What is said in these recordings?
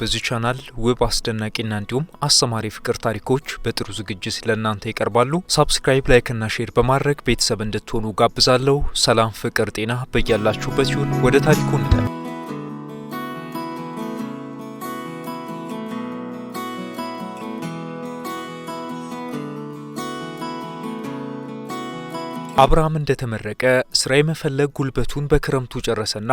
በዚህ ቻናል ውብ አስደናቂና እንዲሁም አስተማሪ ፍቅር ታሪኮች በጥሩ ዝግጅት ለእናንተ ይቀርባሉ። ሳብስክራይብ፣ ላይክና ሼር በማድረግ ቤተሰብ እንድትሆኑ ጋብዛለሁ። ሰላም፣ ፍቅር፣ ጤና በያላችሁበት ይሁን። ወደ ታሪኩ እንደ አብርሃም እንደተመረቀ ስራ የመፈለግ ጉልበቱን በክረምቱ ጨረሰና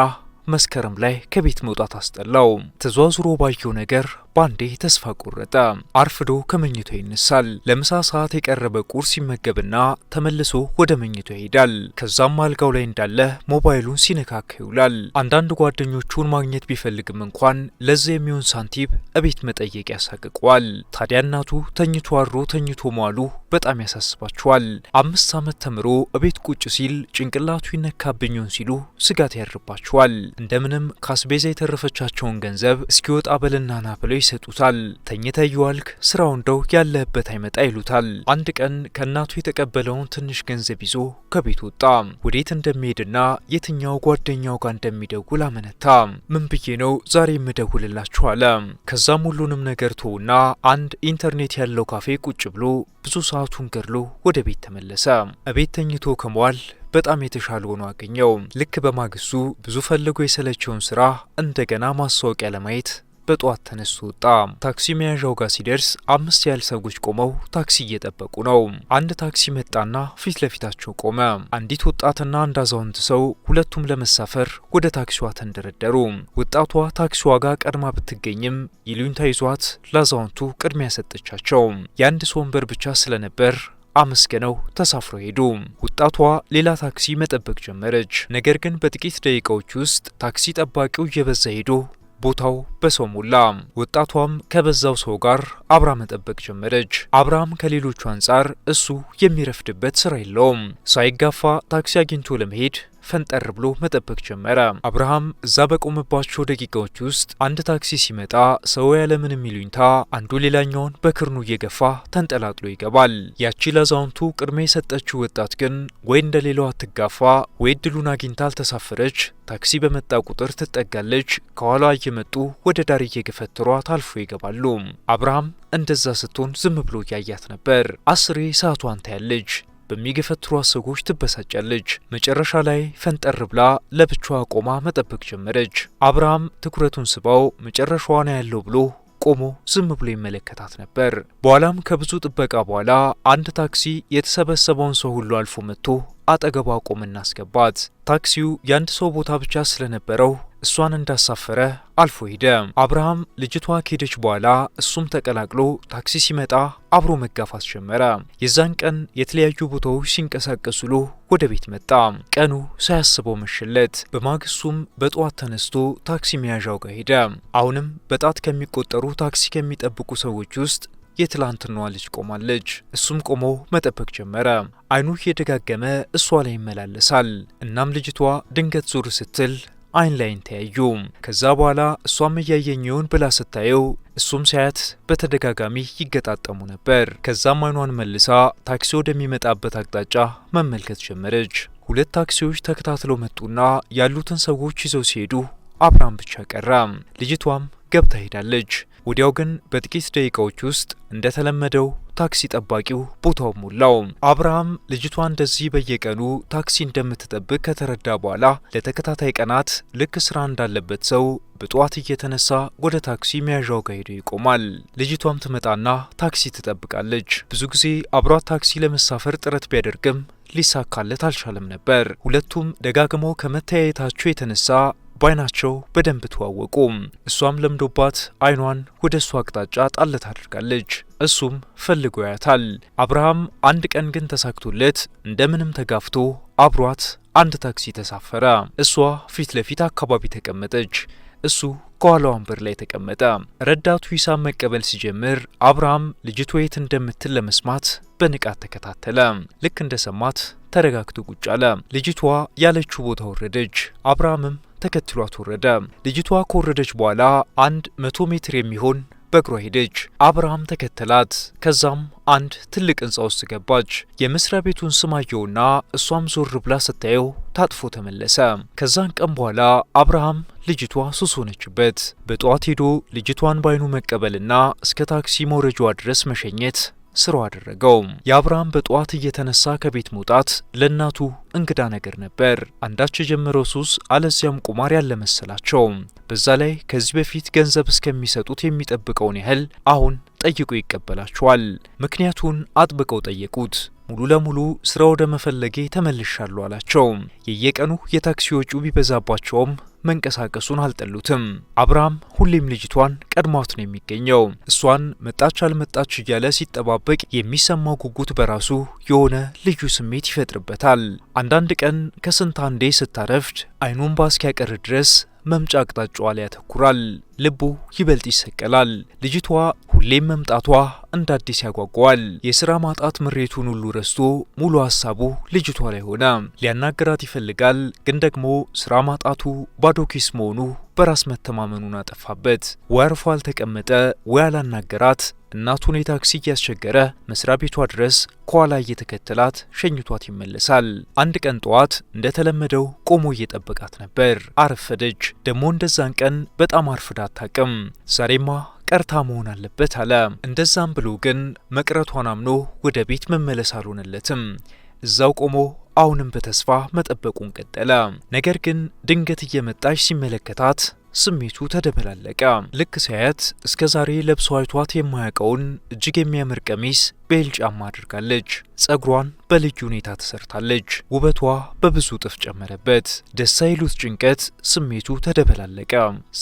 መስከረም ላይ ከቤት መውጣት አስጠላው። ተዟዙሮ ባየው ነገር በአንዴ ተስፋ ቆረጠ። አርፍዶ ከመኝቶ ይነሳል። ለምሳ ሰዓት የቀረበ ቁርስ ይመገብና ተመልሶ ወደ መኝቶ ይሄዳል። ከዛም አልጋው ላይ እንዳለ ሞባይሉን ሲነካካ ይውላል። አንዳንድ ጓደኞቹን ማግኘት ቢፈልግም እንኳን ለዚ የሚሆን ሳንቲም እቤት መጠየቅ ያሳቅቀዋል። ታዲያ እናቱ ተኝቶ አድሮ ተኝቶ መዋሉ በጣም ያሳስባቸዋል። አምስት ዓመት ተምሮ እቤት ቁጭ ሲል ጭንቅላቱ ይነካብኝን ሲሉ ስጋት ያድርባቸዋል። እንደምንም ካስቤዛ የተረፈቻቸውን ገንዘብ እስኪወጣ በልና ና ብለው ይሰጡታል። ተኝተ ይዋልክ ስራው እንደው ያለህበት አይመጣ ይሉታል። አንድ ቀን ከእናቱ የተቀበለውን ትንሽ ገንዘብ ይዞ ከቤት ወጣ። ወዴት እንደሚሄድና የትኛው ጓደኛው ጋር እንደሚደውል አመነታ። ምን ብዬ ነው ዛሬ የምደውልላችሁ አለ። ከዛም ሁሉንም ነገር ተውና አንድ ኢንተርኔት ያለው ካፌ ቁጭ ብሎ ብዙ ሰዓቱን ገድሎ ወደ ቤት ተመለሰ። እቤት ተኝቶ ከመዋል በጣም የተሻለ ሆኖ አገኘው። ልክ በማግስቱ ብዙ ፈልጎ የሰለቸውን ስራ እንደገና ማስታወቂያ ለማየት በጠዋት ተነስቶ ወጣ። ታክሲ መያዣው ጋር ሲደርስ አምስት ያህል ሰዎች ቆመው ታክሲ እየጠበቁ ነው። አንድ ታክሲ መጣና ፊት ለፊታቸው ቆመ። አንዲት ወጣትና አንድ አዛውንት ሰው ሁለቱም ለመሳፈር ወደ ታክሲዋ ተንደረደሩ። ወጣቷ ታክሲዋ ጋር ቀድማ ብትገኝም ይሉኝታ ይዟት ለአዛውንቱ ቅድሚያ ሰጠቻቸው። የአንድ ሰው ወንበር ብቻ ስለነበር አመስገነው ተሳፍሮ ሄዱ። ወጣቷ ሌላ ታክሲ መጠበቅ ጀመረች። ነገር ግን በጥቂት ደቂቃዎች ውስጥ ታክሲ ጠባቂው እየበዛ ሄዶ ቦታው በሰው ሞላ። ወጣቷም ከበዛው ሰው ጋር አብራ መጠበቅ ጀመረች። አብርሃም ከሌሎቹ አንጻር እሱ የሚረፍድበት ስራ የለውም። ሳይጋፋ ታክሲ አግኝቶ ለመሄድ ፈንጠር ብሎ መጠበቅ ጀመረ። አብርሃም እዛ በቆመባቸው ደቂቃዎች ውስጥ አንድ ታክሲ ሲመጣ ሰው ያለምንም ይሉኝታ አንዱ ሌላኛውን በክርኑ እየገፋ ተንጠላጥሎ ይገባል። ያቺ ለአዛውንቱ ቅድሜ የሰጠችው ወጣት ግን ወይ እንደ አትጋፋ፣ ወይ እድሉን አግኝታ አልተሳፈረች። ታክሲ በመጣ ቁጥር ትጠጋለች። ከኋላ እየመጡ ወደ ዳር እየገፈትሯ ታልፎ ይገባሉ። አብርሃም እንደዛ ስትሆን ዝም ብሎ እያያት ነበር። አስሬ ሰዓቷን ታያለች። በሚገፈትሯት ሰዎች ትበሳጫለች። መጨረሻ ላይ ፈንጠር ብላ ለብቻዋ ቆማ መጠበቅ ጀመረች። አብርሃም ትኩረቱን ስባው መጨረሻዋ ነው ያለው ብሎ ቆሞ ዝም ብሎ ይመለከታት ነበር። በኋላም ከብዙ ጥበቃ በኋላ አንድ ታክሲ የተሰበሰበውን ሰው ሁሉ አልፎ መጥቶ አጠገቧ ቆመና አስገባት። ታክሲው የአንድ ሰው ቦታ ብቻ ስለነበረው እሷን እንዳሳፈረ አልፎ ሄደ። አብርሃም ልጅቷ ከሄደች በኋላ እሱም ተቀላቅሎ ታክሲ ሲመጣ አብሮ መጋፋት ጀመረ። የዛን ቀን የተለያዩ ቦታዎች ሲንቀሳቀሱ ውሎ ወደ ቤት መጣ። ቀኑ ሳያስበው መሸለት። በማግስቱም በጠዋት ተነስቶ ታክሲ መያዣው ጋር ሄደ። አሁንም በጣት ከሚቆጠሩ ታክሲ ከሚጠብቁ ሰዎች ውስጥ የትላንትናዋ ልጅ ቆማለች። እሱም ቆሞ መጠበቅ ጀመረ። አይኑ እየደጋገመ እሷ ላይ ይመላለሳል። እናም ልጅቷ ድንገት ዙር ስትል አይን ላይን ተያዩ። ከዛ በኋላ እሷም እያየኝውን ብላ ስታየው እሱም ሲያያት በተደጋጋሚ ይገጣጠሙ ነበር። ከዛም አይኗን መልሳ ታክሲ ወደሚመጣበት አቅጣጫ መመልከት ጀመረች። ሁለት ታክሲዎች ተከታትለው መጡና ያሉትን ሰዎች ይዘው ሲሄዱ አብራም ብቻ ቀራ። ልጅቷም ገብታ ሄዳለች። ወዲያው ግን በጥቂት ደቂቃዎች ውስጥ እንደተለመደው ታክሲ ጠባቂው ቦታው ሞላው። አብርሃም ልጅቷ እንደዚህ በየቀኑ ታክሲ እንደምትጠብቅ ከተረዳ በኋላ ለተከታታይ ቀናት ልክ ስራ እንዳለበት ሰው በጠዋት እየተነሳ ወደ ታክሲ መያዣው ጋር ሄዶ ይቆማል። ልጅቷም ትመጣና ታክሲ ትጠብቃለች። ብዙ ጊዜ አብሯት ታክሲ ለመሳፈር ጥረት ቢያደርግም ሊሳካለት አልቻለም ነበር። ሁለቱም ደጋግመው ከመተያየታቸው የተነሳ በአይናቸው በደንብ ተዋወቁ። እሷም ለምዶባት አይኗን ወደ እሱ አቅጣጫ ጣለት አድርጋለች። እሱም ፈልጎ ያያታል። አብርሃም አንድ ቀን ግን ተሳክቶለት እንደምንም ተጋፍቶ አብሯት አንድ ታክሲ ተሳፈረ። እሷ ፊት ለፊት አካባቢ ተቀመጠች። እሱ ከኋላ ወንበር ላይ ተቀመጠ። ረዳቱ ሂሳብ መቀበል ሲጀምር አብርሃም ልጅቱ የት እንደምትል ለመስማት በንቃት ተከታተለ። ልክ እንደሰማት ተረጋግቶ ቁጭ አለ። ልጅቷ ያለችው ቦታ ወረደች። አብርሃምም ተከትሏት ወረደ። ልጅቷ ከወረደች በኋላ አንድ መቶ ሜትር የሚሆን በእግሯ ሄደች። አብርሃም ተከተላት። ከዛም አንድ ትልቅ ህንፃ ውስጥ ገባች። የመስሪያ ቤቱን ስም አየውና እሷም ዞር ብላ ስታየው ታጥፎ ተመለሰ። ከዛን ቀን በኋላ አብርሃም ልጅቷ ሱስ ሆነችበት። በጠዋት ሄዶ ልጅቷን ባይኑ መቀበልና እስከ ታክሲ መውረጃዋ ድረስ መሸኘት ስሩ አደረገው። የአብርሃም በጠዋት እየተነሳ ከቤት መውጣት ለእናቱ እንግዳ ነገር ነበር። አንዳች የጀመረው ሱስ አለዚያም ቁማር ያለመሰላቸው። በዛ ላይ ከዚህ በፊት ገንዘብ እስከሚሰጡት የሚጠብቀውን ያህል አሁን ጠይቆ ይቀበላቸዋል። ምክንያቱን አጥብቀው ጠየቁት። ሙሉ ለሙሉ ስራ ወደ መፈለጌ ተመልሻለሁ አላቸው። የየቀኑ የታክሲ ወጪው ቢበዛባቸውም መንቀሳቀሱን አልጠሉትም። አብርሃም ሁሌም ልጅቷን ቀድሟት ነው የሚገኘው። እሷን መጣች አልመጣች እያለ ሲጠባበቅ የሚሰማው ጉጉት በራሱ የሆነ ልዩ ስሜት ይፈጥርበታል። አንዳንድ ቀን ከስንት አንዴ ስታረፍድ አይኑን ባስኪያቀር ድረስ መምጫ አቅጣጫዋ ላይ ያተኩራል። ልቡ ይበልጥ ይሰቀላል። ልጅቷ ሁሌም መምጣቷ እንደ አዲስ ያጓጓዋል። የስራ ማጣት ምሬቱን ሁሉ ረስቶ ሙሉ ሀሳቡ ልጅቷ ላይ ሆነ። ሊያናገራት ይፈልጋል፣ ግን ደግሞ ስራ ማጣቱ ባዶ ኪስ መሆኑ በራስ መተማመኑን አጠፋበት። ወይ አርፎ አልተቀመጠ፣ ወይ አላናገራት፣ እናቱን የታክሲ እያስቸገረ መስሪያ ቤቷ ድረስ ከኋላ እየተከተላት ሸኝቷት ይመለሳል። አንድ ቀን ጠዋት እንደተለመደው ቆሞ እየጠበቃት ነበር። አረፈደች። ደግሞ እንደዛን ቀን በጣም አርፍዳ አታቅም። ዛሬማ ቀርታ መሆን አለበት አለ። እንደዛም ብሎ ግን መቅረቷን አምኖ ወደ ቤት መመለስ አልሆነለትም። እዛው ቆሞ አሁንም በተስፋ መጠበቁን ቀጠለ። ነገር ግን ድንገት እየመጣች ሲመለከታት ስሜቱ ተደበላለቀ። ልክ ሲያያት እስከ ዛሬ ለብሶ አይቷት የማያውቀውን እጅግ የሚያምር ቀሚስ ቤል ጫማ አድርጋለች። ጸጉሯን በልዩ ሁኔታ ተሰርታለች። ውበቷ በብዙ እጥፍ ጨመረበት። ደስታ ይሉት ጭንቀት፣ ስሜቱ ተደበላለቀ።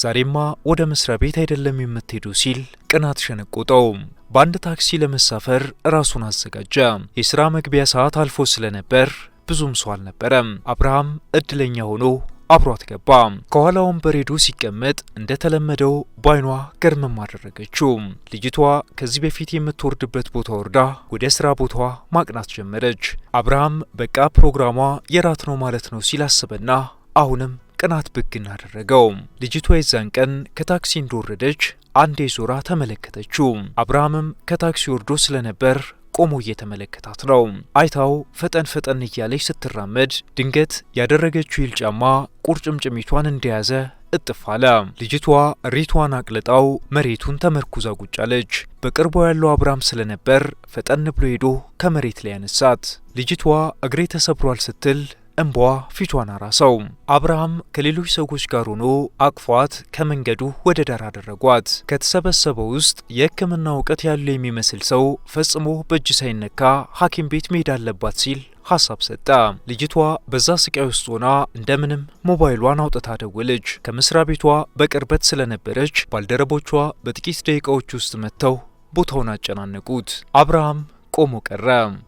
ዛሬማ ወደ መስሪያ ቤት አይደለም የምትሄዱ ሲል ቅናት ሸነቆጠው። በአንድ ታክሲ ለመሳፈር ራሱን አዘጋጀ። የሥራ መግቢያ ሰዓት አልፎ ስለነበር ብዙም ሰው አልነበረም። አብርሃም እድለኛ ሆኖ አብሯት ገባ። ከኋላውም በሬዲዮ ሲቀመጥ እንደተለመደው ባይኗ ገርመም አደረገችው። ልጅቷ ከዚህ በፊት የምትወርድበት ቦታ ወርዳ ወደ ስራ ቦታዋ ማቅናት ጀመረች። አብርሃም በቃ ፕሮግራሟ የራት ነው ማለት ነው ሲላስበና አሁንም ቅናት ብግን አደረገው። ልጅቷ የዛን ቀን ከታክሲ እንደወረደች አንዴ ዞራ ተመለከተችው። አብርሃምም ከታክሲ ወርዶ ስለነበር ቆሞ እየተመለከታት ነው። አይታው ፈጠን ፈጠን እያለች ስትራመድ ድንገት ያደረገችው ይል ጫማ ቁርጭምጭሚቷን እንደያዘ እጥፍ አለ። ልጅቷ ሪቷን አቅልጣው መሬቱን ተመርኩዛ ቁጫለች። በቅርቧ ያለው አብርሃም ስለነበር ፈጠን ብሎ ሄዶ ከመሬት ላይ ያነሳት። ልጅቷ እግሬ ተሰብሯል ስትል እንቧ ፊቷን አራሰው። አብርሃም ከሌሎች ሰዎች ጋር ሆኖ አቅፏት ከመንገዱ ወደ ዳር አደረጓት። ከተሰበሰበው ውስጥ የሕክምና እውቀት ያለ የሚመስል ሰው ፈጽሞ በእጅ ሳይነካ ሐኪም ቤት መሄድ አለባት ሲል ሀሳብ ሰጠ። ልጅቷ በዛ ስቃይ ውስጥ ሆና እንደምንም ሞባይሏን አውጥታ ደወለች። ከመስሪያ ቤቷ በቅርበት ስለነበረች ባልደረቦቿ በጥቂት ደቂቃዎች ውስጥ መጥተው ቦታውን አጨናነቁት። አብርሃም ቆሞ ቀረ።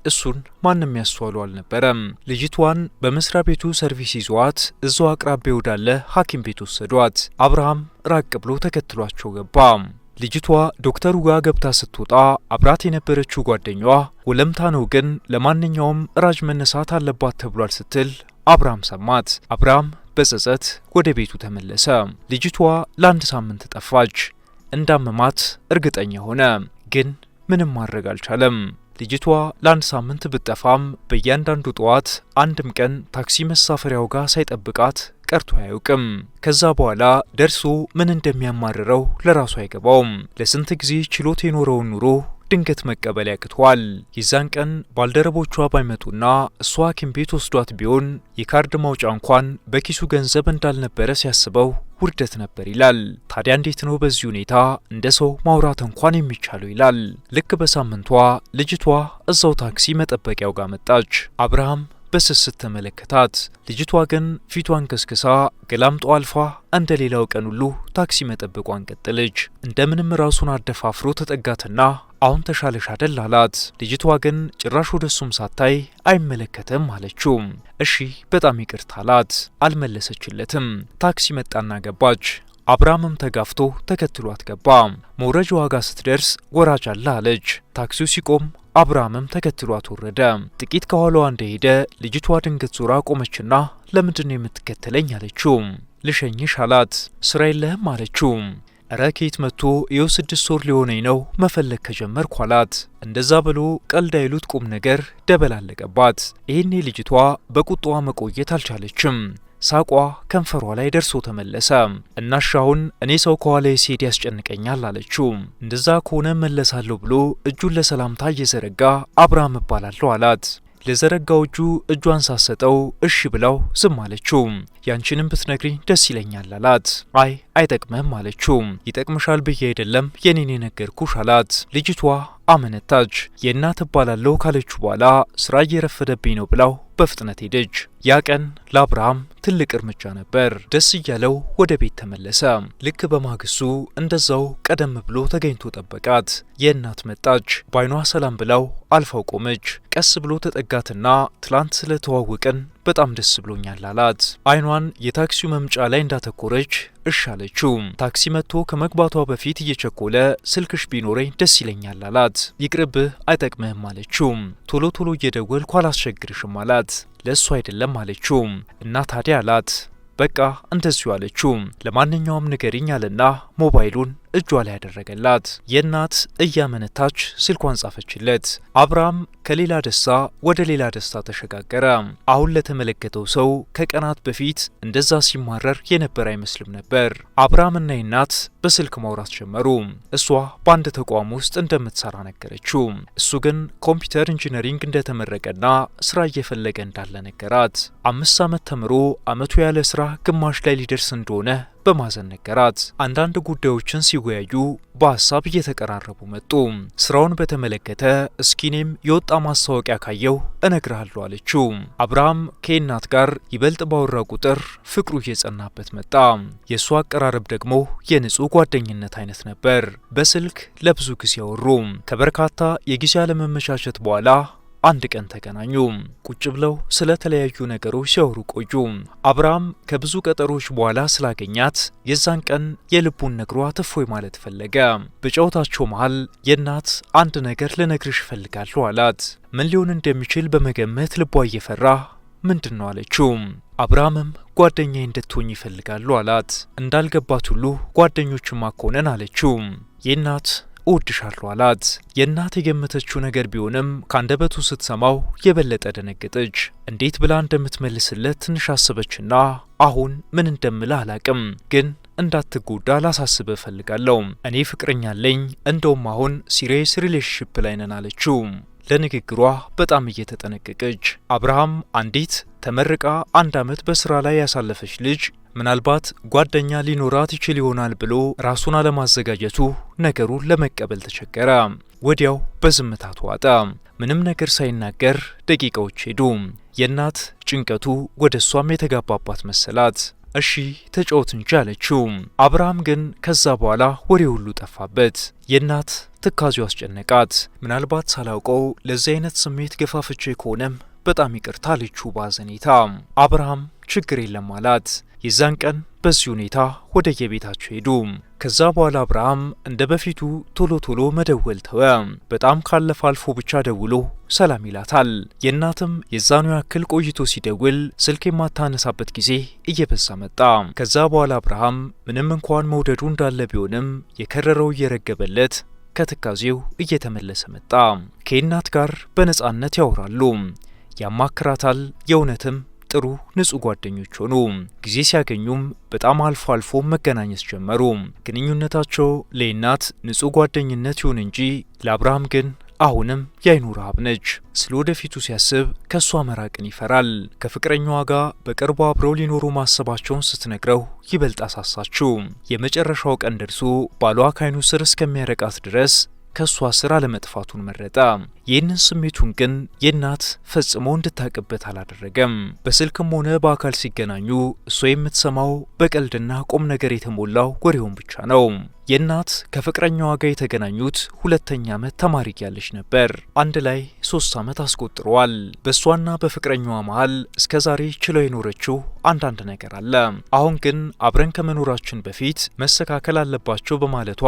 እሱን ማንም ያስተዋሉ አልነበረም። ልጅቷን በመስሪያ ቤቱ ሰርቪስ ይዟት እዛው አቅራቢያ ወዳለ ሐኪም ቤት ወሰዷት። አብርሃም ራቅ ብሎ ተከትሏቸው ገባ። ልጅቷ ዶክተሩ ጋር ገብታ ስትወጣ አብራት የነበረችው ጓደኛዋ ወለምታ ነው፣ ግን ለማንኛውም ራጅ መነሳት አለባት ተብሏል ስትል አብርሃም ሰማት። አብርሃም በጸጸት ወደ ቤቱ ተመለሰ። ልጅቷ ለአንድ ሳምንት ጠፋች። እንዳመማት እርግጠኛ ሆነ፣ ግን ምንም ማድረግ አልቻለም። ልጅቷ ለአንድ ሳምንት ብጠፋም በእያንዳንዱ ጠዋት አንድም ቀን ታክሲ መሳፈሪያው ጋር ሳይጠብቃት ቀርቶ አያውቅም። ከዛ በኋላ ደርሶ ምን እንደሚያማርረው ለራሱ አይገባውም። ለስንት ጊዜ ችሎት የኖረውን ኑሮ ድንገት መቀበል ያቅቷል። የዛን ቀን ባልደረቦቿ ባይመጡና እሷ ሐኪም ቤት ወስዷት ቢሆን የካርድ ማውጫ እንኳን በኪሱ ገንዘብ እንዳልነበረ ሲያስበው ውርደት ነበር ይላል። ታዲያ እንዴት ነው በዚህ ሁኔታ እንደ ሰው ማውራት እንኳን የሚቻለው ይላል። ልክ በሳምንቷ ልጅቷ እዛው ታክሲ መጠበቂያው ጋር መጣች። አብርሃም በስስት ተመለከታት። ልጅቷ ግን ፊቷን ከስክሳ ገላምጦ አልፏ እንደ ሌላው ቀን ሁሉ ታክሲ መጠበቋን ቀጠለች። እንደምንም ራሱን አደፋፍሮ ተጠጋትና አሁን ተሻለሽ አደል አላት። ልጅቷ ግን ጭራሽ ወደ እሱም ሳታይ አይመለከትም አለችው። እሺ በጣም ይቅርታ አላት። አልመለሰችለትም። ታክሲ መጣና ገባች። አብርሃምም ተጋፍቶ ተከትሏት ገባ። መውረጃዋ ጋር ስትደርስ ወራጅ አለ አለች። ታክሲው ሲቆም አብርሃምም ተከትሏት ወረደ። ጥቂት ከኋላዋ እንደሄደ ልጅቷ ድንገት ዙራ ቆመችና ለምንድን ነው የምትከተለኝ አለችው። ልሸኝሽ አላት። ስራ የለህም አለችው። እረ ከየት መጥቶ ይኸው ስድስት ወር ሊሆነኝ ነው መፈለግ ከጀመርኩ አላት። እንደዛ ብሎ ቀልድ አይሉት ቁም ነገር ደበላለቀባት። ይህኔ ልጅቷ በቁጣዋ መቆየት አልቻለችም። ሳቋ ከንፈሯ ላይ ደርሶ ተመለሰ። እናሻውን እኔ ሰው ከኋላ ሲሄድ ያስጨንቀኛል አለችው። እንደዛ ከሆነ መለሳለሁ ብሎ እጁን ለሰላምታ እየዘረጋ አብርሃም እባላለሁ አላት። ለዘረጋው እጁ እጇን ሳሰጠው እሺ ብላው ዝም አለችው። ያንቺንም ብትነግሪኝ ደስ ይለኛል አላት። አይ አይጠቅምም አለችው። ይጠቅምሻል ብዬ አይደለም የኔን የነገርኩሽ አላት። ልጅቷ አመነታች። የእናት እባላለሁ ካለች በኋላ ስራ እየረፈደብኝ ነው ብላው በፍጥነት ሄደች። ያ ቀን ለአብርሃም ትልቅ እርምጃ ነበር። ደስ እያለው ወደ ቤት ተመለሰ። ልክ በማግስቱ እንደዛው ቀደም ብሎ ተገኝቶ ጠበቃት። የእናት መጣች። በአይኗ ሰላም ብላው አልፋው ቆመች። ቀስ ብሎ ተጠጋትና ትላንት ስለተዋወቅን በጣም ደስ ብሎኛል አላት። አይኗን የታክሲው መምጫ ላይ እንዳተኮረች እሽ አለችው። ታክሲ መጥቶ ከመግባቷ በፊት እየቸኮለ ስልክሽ ቢኖረኝ ደስ ይለኛል አላት። ይቅርብህ አይጠቅምህም አለችው። ቶሎ ቶሎ እየደወልኩ አላስቸግርሽም አላት። ለእሱ አይደለም አለችው። እና ታዲያ አላት። በቃ እንደዚሁ አለችው። ለማንኛውም ንገሪኝ አለና ሞባይሉን እጇ ላይ ያደረገላት። የእናት እያመነታች ስልኳን ጻፈችለት። አብርሃም ከሌላ ደስታ ወደ ሌላ ደስታ ተሸጋገረ። አሁን ለተመለከተው ሰው ከቀናት በፊት እንደዛ ሲማረር የነበረ አይመስልም ነበር። አብርሃምና የእናት በስልክ ማውራት ጀመሩ። እሷ በአንድ ተቋም ውስጥ እንደምትሰራ ነገረችው። እሱ ግን ኮምፒውተር ኢንጂነሪንግ እንደተመረቀና ስራ እየፈለገ እንዳለ ነገራት። አምስት ዓመት ተምሮ አመቱ ያለ ስራ ግማሽ ላይ ሊደርስ እንደሆነ በማዘን ነገራት። አንዳንድ ጉዳዮችን ሲወያዩ በሀሳብ እየተቀራረቡ መጡ። ስራውን በተመለከተ እስኪኔም የወጣ ማስታወቂያ ካየሁ እነግርሃለሁ አለችው። አብርሃም ከእናት ጋር ይበልጥ ባወራ ቁጥር ፍቅሩ እየጸናበት መጣ። የእሱ አቀራረብ ደግሞ የንጹህ ጓደኝነት አይነት ነበር። በስልክ ለብዙ ጊዜ አወሩ። ከበርካታ የጊዜ አለመመቻቸት በኋላ አንድ ቀን ተገናኙ። ቁጭ ብለው ስለተለያዩ ነገሮች ሲያወሩ ቆዩ። አብርሃም ከብዙ ቀጠሮች በኋላ ስላገኛት የዛን ቀን የልቡን ነግሯት እፎይ ማለት ፈለገ። በጨዋታቸው መሃል የእናት አንድ ነገር ልነግርሽ እፈልጋለሁ አላት። ምን ሊሆን እንደሚችል በመገመት ልቧ እየፈራ ምንድን ነው አለችው። አብርሃምም ጓደኛ እንድትሆኝ ይፈልጋሉ አላት። እንዳልገባት ሁሉ ጓደኞችማ ከሆነን አለችው። የእናት እወድሻለሁ አላት። የእናት የገመተችው ነገር ቢሆንም ከአንደበቱ ስትሰማው የበለጠ ደነገጠች። እንዴት ብላ እንደምትመልስለት ትንሽ አሰበችና አሁን ምን እንደምልህ አላቅም ግን እንዳትጎዳ ላሳስብ እፈልጋለሁ። እኔ ፍቅረኛ አለኝ፣ እንደውም አሁን ሲሪየስ ሪሌሽንሽፕ ላይ ነን አለችው። ለንግግሯ በጣም እየተጠነቀቀች አብርሃም አንዲት ተመርቃ አንድ ዓመት በስራ ላይ ያሳለፈች ልጅ ምናልባት ጓደኛ ሊኖራት ይችል ይሆናል ብሎ ራሱን አለማዘጋጀቱ ነገሩን ለመቀበል ተቸገረ። ወዲያው በዝምታ ተዋጠ። ምንም ነገር ሳይናገር ደቂቃዎች ሄዱ። የእናት ጭንቀቱ ወደ እሷም የተጋባባት መሰላት። እሺ ተጫወት እንጂ አለችው። አብርሃም ግን ከዛ በኋላ ወሬ ሁሉ ጠፋበት። የእናት ትካዜው አስጨነቃት። ምናልባት ሳላውቀው ለዚህ አይነት ስሜት ገፋፍቼ ከሆነም በጣም ይቅርታ አለችው ባዘኔታ። አብርሃም ችግር የለም አላት። የዛን ቀን በዚህ ሁኔታ ወደ የቤታቸው ሄዱ። ከዛ በኋላ አብርሃም እንደ በፊቱ ቶሎ ቶሎ መደወል ተወ። በጣም ካለፈ አልፎ ብቻ ደውሎ ሰላም ይላታል። የእናትም የዛኑ ያክል ቆይቶ ሲደውል ስልክ የማታነሳበት ጊዜ እየበዛ መጣ። ከዛ በኋላ አብርሃም ምንም እንኳን መውደዱ እንዳለ ቢሆንም የከረረው እየረገበለት ከትካዜው እየተመለሰ መጣ። ከእናት ጋር በነጻነት ያወራሉ። ያማክራታል። የእውነትም ጥሩ ንጹህ ጓደኞች ሆኑ። ጊዜ ሲያገኙም በጣም አልፎ አልፎ መገናኘት ጀመሩ። ግንኙነታቸው ለናት ንጹህ ጓደኝነት ይሁን እንጂ ለአብርሃም ግን አሁንም የአይኑ ረሃብ ነች። ስለ ወደፊቱ ሲያስብ ከእሷ መራቅን ይፈራል። ከፍቅረኛዋ ጋር በቅርቡ አብረው ሊኖሩ ማሰባቸውን ስትነግረው ይበልጥ አሳሳችው። የመጨረሻው ቀን ደርሶ ባሏ ካይኑ ስር እስከሚያረቃት ድረስ ከእሷ ስራ ለመጥፋቱን መረጠ። ይህንን ስሜቱን ግን የእናት ፈጽሞ እንድታቅበት አላደረገም። በስልክም ሆነ በአካል ሲገናኙ እሷ የምትሰማው በቀልድና ቁም ነገር የተሞላው ወሬውን ብቻ ነው። የእናት ከፍቅረኛዋ ጋር የተገናኙት ሁለተኛ ዓመት ተማሪ ያለች ነበር። አንድ ላይ ሶስት ዓመት አስቆጥረዋል። በእሷና በፍቅረኛዋ መሀል ዛሬ ችለው የኖረችው አንዳንድ ነገር አለ። አሁን ግን አብረን ከመኖራችን በፊት መስተካከል አለባቸው በማለቷ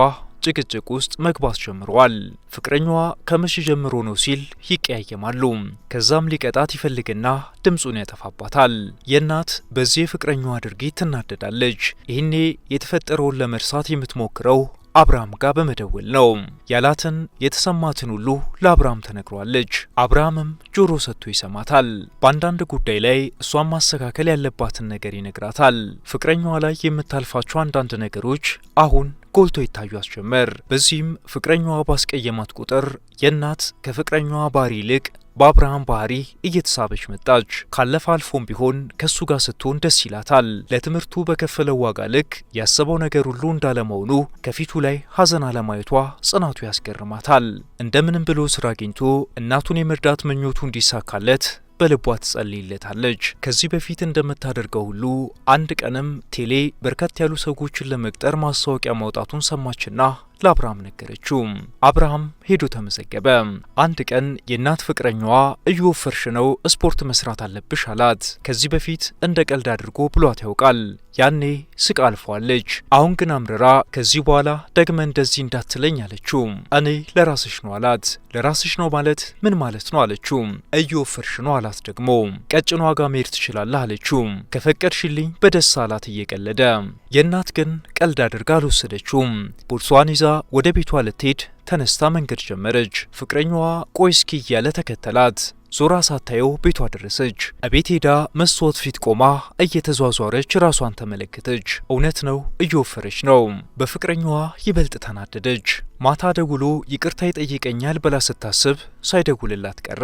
ጭቅጭቅ ውስጥ መግባት ጀምረዋል። ፍቅረኛዋ ከመቼ ጀምሮ ነው ሲል ይቀያየማሉ። ከዛም ሊቀጣት ይፈልግና ድምፁን ያጠፋባታል። የእናት በዚህ የፍቅረኛዋ ድርጊት ትናደዳለች። ይህኔ የተፈጠረውን ለመርሳት የምትሞክረው አብርሃም ጋር በመደወል ነው። ያላትን የተሰማትን ሁሉ ለአብርሃም ተነግሯለች። አብርሃምም ጆሮ ሰጥቶ ይሰማታል። በአንዳንድ ጉዳይ ላይ እሷን ማስተካከል ያለባትን ነገር ይነግራታል። ፍቅረኛዋ ላይ የምታልፋቸው አንዳንድ ነገሮች አሁን ጎልቶ ይታዩ አስጀመር። በዚህም ፍቅረኛዋ ባስቀየማት ቁጥር የእናት ከፍቅረኛዋ ባህሪ ይልቅ በአብርሃም ባህሪ እየተሳበች መጣች። ካለፈ አልፎም ቢሆን ከሱ ጋር ስትሆን ደስ ይላታል። ለትምህርቱ በከፈለው ዋጋ ልክ ያሰበው ነገር ሁሉ እንዳለመሆኑ ከፊቱ ላይ ሀዘን አለማየቷ ጽናቱ ያስገርማታል። እንደምንም ብሎ ስራ አግኝቶ እናቱን የመርዳት ምኞቱ እንዲሳካለት በልቧ ትጸልይለታለች። ከዚህ በፊት እንደምታደርገው ሁሉ አንድ ቀንም ቴሌ በርከት ያሉ ሰዎችን ለመቅጠር ማስታወቂያ ማውጣቱን ሰማችና ለአብርሃም ነገረችው። አብርሃም ሄዶ ተመዘገበ። አንድ ቀን የእናት ፍቅረኛዋ እየወፈርሽ ነው፣ ስፖርት መስራት አለብሽ አላት። ከዚህ በፊት እንደ ቀልድ አድርጎ ብሏት ያውቃል። ያኔ ስቃ አልፏለች። አሁን ግን አምርራ ከዚህ በኋላ ደግመ እንደዚህ እንዳትለኝ አለችው። እኔ ለራስሽ ነው አላት። ለራስሽ ነው ማለት ምን ማለት ነው አለችው። እየወፈርሽ ነው አላት። ደግሞ ቀጭን ዋጋ መሄድ ትችላለህ አለችው። ከፈቀድሽልኝ በደስታ አላት እየቀለደ። የእናት ግን ቀልድ አድርጋ አልወሰደችውም። ቦርሷን ይዛ ወደ ቤቷ ልትሄድ ተነስታ መንገድ ጀመረች። ፍቅረኛዋ ቆይ እስኪ እያለ ተከተላት። ዞራ ሳታየው ቤቷ ደረሰች። እቤት ሄዳ መስታወት ፊት ቆማ እየተዟዟረች ራሷን ተመለከተች። እውነት ነው እየወፈረች ነው። በፍቅረኛዋ ይበልጥ ተናደደች። ማታ ደውሎ ይቅርታ ይጠይቀኛል ብላ ስታስብ ሳይደውልላት ቀራ።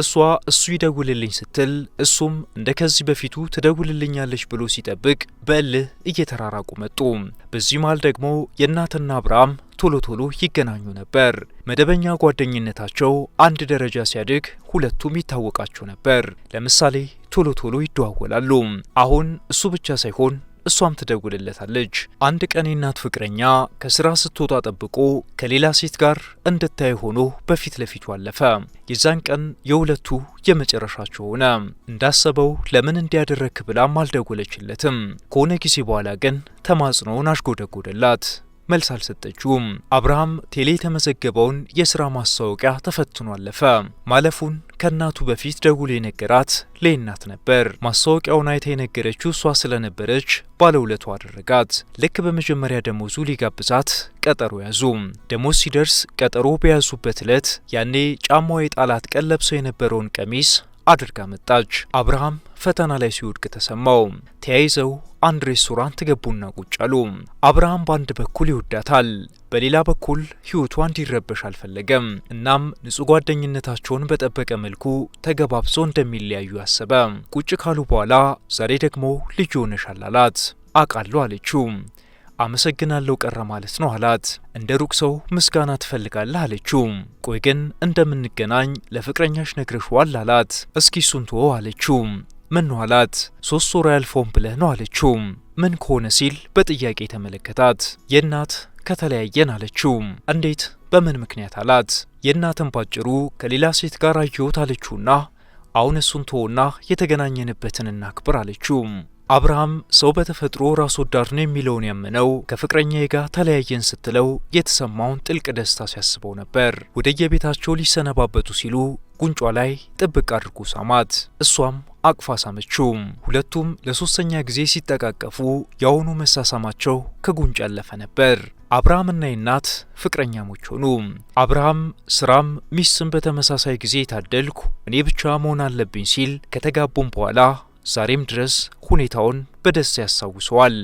እሷ እሱ ይደውልልኝ ስትል እሱም እንደ ከዚህ በፊቱ ትደውልልኛለች ብሎ ሲጠብቅ በእልህ እየተራራቁ መጡ። በዚህ መሃል ደግሞ የእናትና አብርሃም ቶሎ ቶሎ ይገናኙ ነበር። መደበኛ ጓደኝነታቸው አንድ ደረጃ ሲያድግ ሁለቱም ይታወቃቸው ነበር። ለምሳሌ ቶሎ ቶሎ ይደዋወላሉ። አሁን እሱ ብቻ ሳይሆን እሷም ትደውልለታለች። አንድ ቀን የናት ፍቅረኛ ከስራ ስትወጣ ጠብቆ ከሌላ ሴት ጋር እንድታይ ሆኖ በፊት ለፊቱ አለፈ። የዛን ቀን የሁለቱ የመጨረሻቸው ሆነ። እንዳሰበው ለምን እንዲያደረክ ብላም አልደወለችለትም። ከሆነ ጊዜ በኋላ ግን ተማጽኖውን አሽጎደጎደላት። መልስ አልሰጠችውም። አብርሃም ቴሌ የተመዘገበውን የስራ ማስታወቂያ ተፈትኖ አለፈ። ማለፉን ከእናቱ በፊት ደውሎ የነገራት ሌናት ነበር። ማስታወቂያውን አይታ የነገረችው እሷ ስለነበረች ባለውለቱ አደረጋት። ልክ በመጀመሪያ ደሞዙ ሊጋብዛት ቀጠሮ ያዙ። ደሞዝ ሲደርስ ቀጠሮ በያዙበት ዕለት ያኔ ጫማዋ የጣላት ቀን ለብሰው የነበረውን ቀሚስ አድርጋ መጣች። አብርሃም ፈተና ላይ ሲወድቅ ተሰማው። ተያይዘው አንድ ሬስቶራንት ገቡና ቁጭ አሉ። አብርሃም በአንድ በኩል ይወዳታል፣ በሌላ በኩል ህይወቷ እንዲረበሽ አልፈለገም። እናም ንጹህ ጓደኝነታቸውን በጠበቀ መልኩ ተገባብሶ እንደሚለያዩ አሰበ። ቁጭ ካሉ በኋላ ዛሬ ደግሞ ልጅ ሆነሻል አላት። አቃሉ አለችው። አመሰግናለሁ ቀረ ማለት ነው አላት። እንደ ሩቅ ሰው ምስጋና ትፈልጋለህ አለችው። ቆይ ግን እንደምንገናኝ ለፍቅረኛሽ ነግረሽዋል አላት። እስኪ እሱን አለችው። ምን ነው አላት። ሶስት ወር ያልፎም ብለህ ነው አለችው። ምን ከሆነ ሲል በጥያቄ ተመለከታት። የእናት ከተለያየን አለችው። እንዴት በምን ምክንያት አላት። የእናትን ባጭሩ ከሌላ ሴት ጋር አየሁት አለችውና አሁን እሱን ተወና የተገናኘንበትን እናክብር አለችው። አብርሃም ሰው በተፈጥሮ ራስ ወዳድ ነው የሚለውን ያመነው ከፍቅረኛዬ ጋር ተለያየን ስትለው የተሰማውን ጥልቅ ደስታ ሲያስበው ነበር። ወደየቤታቸው ሊሰነባበቱ ሲሉ ጉንጯ ላይ ጥብቅ አድርጎ ሳማት። እሷም አቅፋ ሳመችው። ሁለቱም ለሶስተኛ ጊዜ ሲጠቃቀፉ የአሁኑ መሳሳማቸው ከጉንጭ ያለፈ ነበር። አብርሃምና የናት ፍቅረኛሞች ሆኑ። አብርሃም ስራም ሚስትም በተመሳሳይ ጊዜ የታደልኩ እኔ ብቻ መሆን አለብኝ ሲል ከተጋቡም በኋላ ዛሬም ድረስ ሁኔታውን በደስታ ያስታውሰዋል።